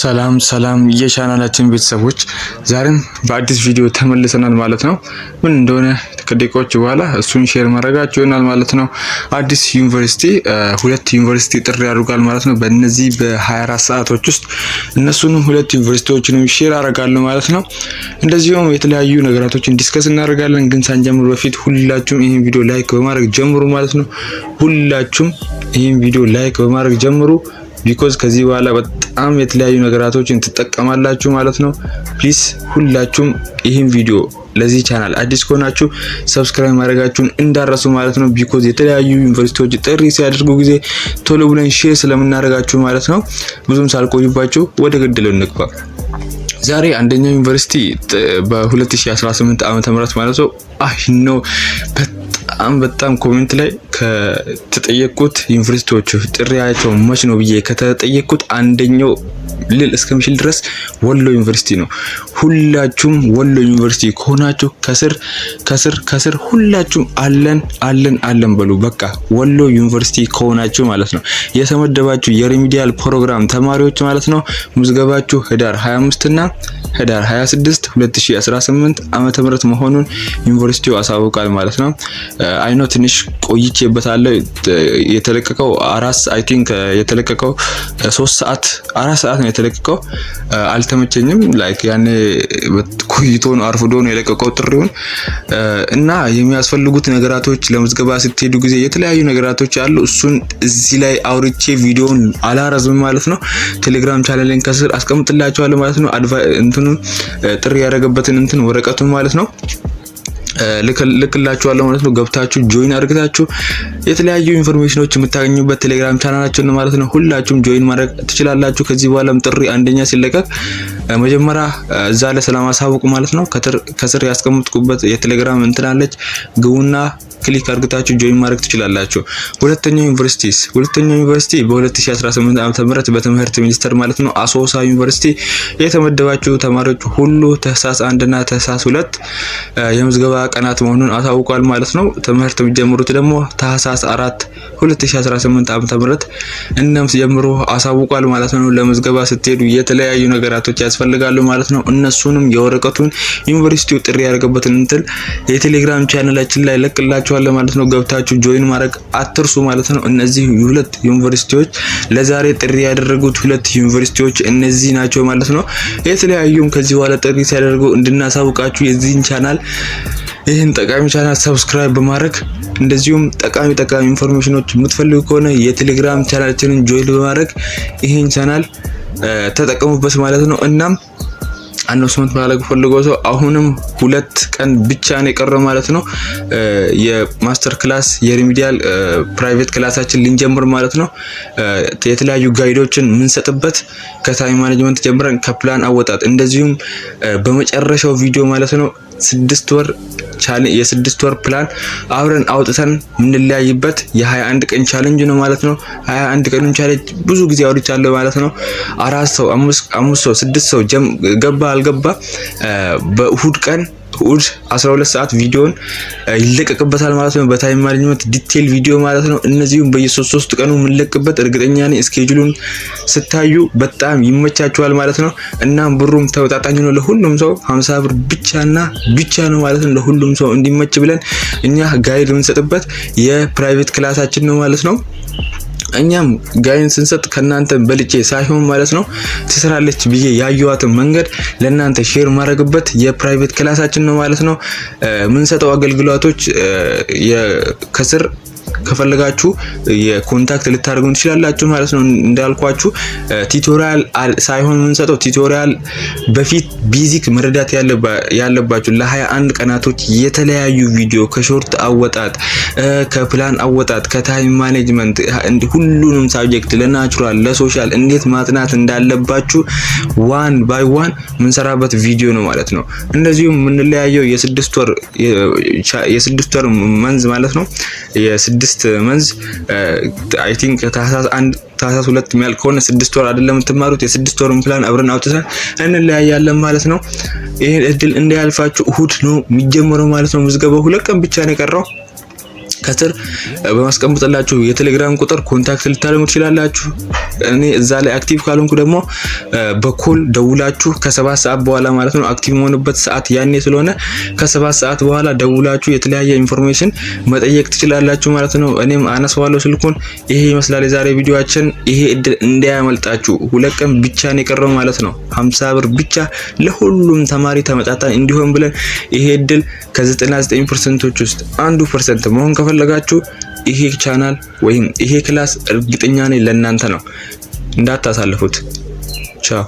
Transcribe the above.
ሰላም ሰላም የቻናላችን ቤተሰቦች ዛሬም በአዲስ ቪዲዮ ተመልሰናል ማለት ነው። ምን እንደሆነ ከደቂቃዎች በኋላ እሱን ሼር ማድረጋችሁ ይሆናል ማለት ነው። አዲስ ዩኒቨርሲቲ ሁለት ዩኒቨርሲቲ ጥሪ ያደርጋል ማለት ነው። በእነዚህ በ24 ሰዓቶች ውስጥ እነሱንም ሁለት ዩኒቨርሲቲዎችንም ሼር አደርጋለሁ ማለት ነው። እንደዚሁም የተለያዩ ነገራቶችን ዲስከስ እናደርጋለን። ግን ሳንጀምር በፊት ሁላችሁም ይህን ቪዲዮ ላይክ በማድረግ ጀምሩ ማለት ነው። ሁላችሁም ይህን ቪዲዮ ላይክ በማድረግ ጀምሩ። ቢኮዝ ከዚህ በኋላ በጣም የተለያዩ ነገራቶችን ትጠቀማላችሁ ማለት ነው። ፕሊስ ሁላችሁም ይህን ቪዲዮ ለዚህ ቻናል አዲስ ከሆናችሁ ሰብስክራይብ ማድረጋችሁን እንዳረሱ ማለት ነው። ቢኮዝ የተለያዩ ዩኒቨርሲቲዎች ጥሪ ሲያደርጉ ጊዜ ቶሎ ብለን ሼር ስለምናደርጋችሁ ማለት ነው። ብዙም ሳልቆዩባችሁ ወደ ግድል እንግባ። ዛሬ አንደኛው ዩኒቨርሲቲ በ2018 ዓ.ም ማለት ነው አይ ነው በጣም በጣም ኮሜንት ላይ ከተጠየቁት ዩኒቨርሲቲዎቹ ጥሪያቸው መች ነው ብዬ ከተጠየቁት አንደኛው ልል እስከምችል ድረስ ወሎ ዩኒቨርሲቲ ነው። ሁላችሁም ወሎ ዩኒቨርሲቲ ከሆናችሁ ከስር ከስር ከስር ሁላችሁም አለን አለን አለን በሉ። በቃ ወሎ ዩኒቨርሲቲ ከሆናችሁ ማለት ነው የተመደባችሁ የሪሚዲያል ፕሮግራም ተማሪዎች ማለት ነው ምዝገባችሁ ህዳር 25 እና ህዳር 26 2018 ዓመተ ምህረት መሆኑን ዩኒቨርሲቲው አሳውቃል ማለት ነው። አይኖ ትንሽ ቆይቼ አይቼበታለሁ። የተለቀቀው አራት አይ ቲንክ የተለቀቀው ሶስት ሰዓት አራት ሰዓት ነው የተለቀቀው። አልተመቸኝም። ላይክ ያኔ ቆይቶን ነው የለቀቀው ጥሪውን እና የሚያስፈልጉት ነገራቶች ለምዝገባ ስትሄዱ ጊዜ የተለያዩ ነገራቶች አሉ። እሱን እዚህ ላይ አውርቼ ቪዲዮን አላረዝም ማለት ነው። ቴሌግራም ቻናሌን ከስር አስቀምጥላቸዋለሁ ማለት ነው። እንትኑ ጥሪ ያደረገበትን እንትን ወረቀቱን ማለት ነው። ልክላችኋለሁ ማለት ነው። ገብታችሁ ጆይን አድርግታችሁ የተለያዩ ኢንፎርሜሽኖች የምታገኙበት ቴሌግራም ቻናላችን ማለት ነው። ሁላችሁም ጆይን ማድረግ ትችላላችሁ። ከዚህ በኋላም ጥሪ አንደኛ ሲለቀቅ መጀመሪያ እዛ ላይ ስለማሳውቁ ማለት ነው ከስር ያስቀምጥኩበት የቴሌግራም እንትናለች ግቡና ክሊክ አድርጋችሁ ጆይን ማድረግ ትችላላችሁ። ሁለተኛው ዩኒቨርሲቲስ ሁለተኛው ዩኒቨርሲቲ በ2018 ዓ.ም በትምህርት ሚኒስቴር ማለት ነው አሶሳ ዩኒቨርሲቲ የተመደባችሁ ተማሪዎች ሁሉ ተሳስ አንድና ተሳስ ሁለት የምዝገባ ቀናት መሆኑን አሳውቋል ማለት ነው። ትምህርት የሚጀምሩት ደግሞ ታህሳስ አራት 2018 ዓ.ም እነም ጀምሮ አሳውቋል ማለት ነው። ለምዝገባ ስትሄዱ የተለያዩ ነገራቶች ያስፈልጋሉ ማለት ነው። እነሱንም የወረቀቱን ዩኒቨርሲቲው ጥሪ ያደረገበትን እንትል የቴሌግራም ቻናላችን ላይ ለቅላችኋለሁ ማለት ነው። ገብታችሁ ጆይን ማድረግ አትርሱ ማለት ነው። እነዚህ ሁለት ዩኒቨርሲቲዎች ለዛሬ ጥሪ ያደረጉት ሁለት ዩኒቨርሲቲዎች እነዚህ ናቸው ማለት ነው። የተለያዩም ከዚህ በኋላ ጥሪ ሲያደርጉ እንድናሳውቃችሁ የዚህን ቻናል ይህን ጠቃሚ ቻናል ሰብስክራይብ በማድረግ እንደዚሁም ጠቃሚ ጠቃሚ ኢንፎርሜሽኖች የምትፈልጉ ከሆነ የቴሌግራም ቻናላችንን ጆይል በማድረግ ይህን ቻናል ተጠቀሙበት ማለት ነው። እናም አነሱመንት ማድረግ ፈልጎ ሰው አሁንም ሁለት ቀን ብቻ ነው የቀረው ማለት ነው። የማስተር ክላስ የሪሚዲያል ፕራይቬት ክላሳችን ልንጀምር ማለት ነው። የተለያዩ ጋይዶችን የምንሰጥበት ከታይም ማኔጅመንት ጀምረን ከፕላን አወጣት እንደዚሁም በመጨረሻው ቪዲዮ ማለት ነው ስድስት ወር የስድስት ወር ፕላን አብረን አውጥተን የምንለያይበት የ21 ቀን ቻሌንጅ ነው ማለት ነው። 21 ቀን ቻሌንጅ ብዙ ጊዜ አውርቻለሁ ማለት ነው። አራት ሰው፣ አምስት ሰው፣ ስድስት ሰው ገባ አልገባ በእሁድ ቀን እሑድ 12 ሰዓት ቪዲዮን ይለቀቅበታል ማለት ነው። በታይም ማኔጅመንት ዲቴል ቪዲዮ ማለት ነው። እነዚሁም በየሶስት ሶስት ቀኑ የምንለቅበት እርግጠኛ ነኝ። እስኬጁሉን ስታዩ በጣም ይመቻችኋል ማለት ነው። እናም ብሩም ተመጣጣኝ ነው ለሁሉም ሰው 50 ብር ብቻና ብቻ ነው ማለት ነው። ለሁሉም ሰው እንዲመች ብለን እኛ ጋይድ የምንሰጥበት የፕራይቬት ክላሳችን ነው ማለት ነው። እኛም ጋይን ስንሰጥ ከእናንተ በልጬ ሳይሆን ማለት ነው ትስራለች ብዬ ያየዋትን መንገድ ለእናንተ ሼር ማድረግበት የፕራይቬት ክላሳችን ነው ማለት ነው። የምንሰጠው አገልግሎቶች ከስር ከፈለጋችሁ የኮንታክት ልታደርጉን ትችላላችሁ ማለት ነው። እንዳልኳችሁ ቲዩቶሪያል ሳይሆን የምንሰጠው ቲዩቶሪያል በፊት ቤዚክ መረዳት ያለባችሁ ለ21 ቀናቶች የተለያዩ ቪዲዮ ከሾርት አወጣጥ፣ ከፕላን አወጣጥ፣ ከታይም ማኔጅመንት ሁሉንም ሳብጀክት ለናቹራል፣ ለሶሻል እንዴት ማጥናት እንዳለባችሁ ዋን ባይ ዋን የምንሰራበት ቪዲዮ ነው ማለት ነው። እንደዚሁም የምንለያየው የስድስት ወር የስድስት ወር መንዝ ማለት ነው ስድስት መንዝ አይ ቲንክ ታህሳስ አንድ ታህሳስ ሁለት የሚያልቅ ከሆነ ስድስት ወር አይደለም የምትማሩት። የስድስት ወርን ፕላን አብረን አውጥተን እንለያያለን ማለት ነው። ይህን እድል እንዳያልፋችሁ እሁድ ነው የሚጀምረው ማለት ነው ምዝገባው። ሁለት ቀን ብቻ ነው የቀረው። ከስር በማስቀምጥላችሁ የቴሌግራም ቁጥር ኮንታክት ልታደርጉ ትችላላችሁ። እኔ እዛ ላይ አክቲቭ ካልሆንኩ ደግሞ በኮል ደውላችሁ ከሰባት ሰዓት በኋላ ማለት ነው አክቲቭ የሆኑበት ሰዓት ያኔ ስለሆነ ከሰባት ሰዓት በኋላ ደውላችሁ የተለያየ ኢንፎርሜሽን መጠየቅ ትችላላችሁ ማለት ነው። እኔም አነሳዋለሁ ስልኩን። ይሄ ይመስላል የዛሬ ቪዲዮአችን። ይሄ እድል እንዳያመልጣችሁ። ሁለት ቀን ብቻ ነው የቀረው ማለት ነው። ሀምሳ ብር ብቻ ለሁሉም ተማሪ ተመጣጣኝ እንዲሆን ብለን ይሄ እድል ከ99 ፐርሰንቶች ውስጥ አንዱ ፐርሰንት መሆን ከፈለጋችሁ ይሄ ቻናል ወይም ይሄ ክላስ እርግጠኛ ነኝ ለእናንተ ነው። እንዳታሳልፉት። ቻው